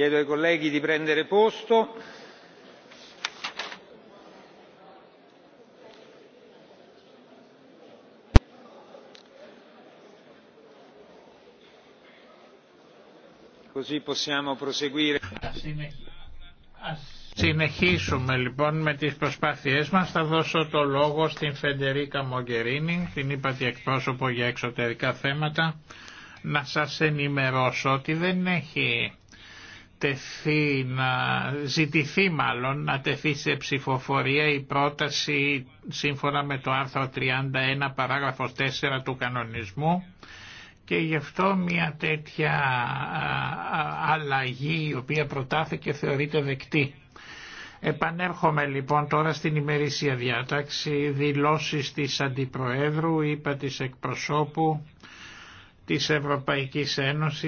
chiedo ai colleghi di prendere posto così possiamo proseguire. Συνεχίσουμε λοιπόν με τις προσπάθειές μας. Θα δώσω το λόγο στην Φεντερίκα Μογκερίνη, την είπατε εκπρόσωπο για εξωτερικά θέματα, να σας ενημερώσω ότι δεν έχει τεθεί, να ζητηθεί μάλλον να τεθεί σε ψηφοφορία η πρόταση σύμφωνα με το άρθρο 31 παράγραφος 4 του κανονισμού και γι' αυτό μια τέτοια αλλαγή η οποία προτάθηκε θεωρείται δεκτή. Επανέρχομαι λοιπόν τώρα στην ημερήσια διάταξη, δηλώσεις της Αντιπροέδρου, είπα της εκπροσώπου της Ευρωπαϊκής Ένωσης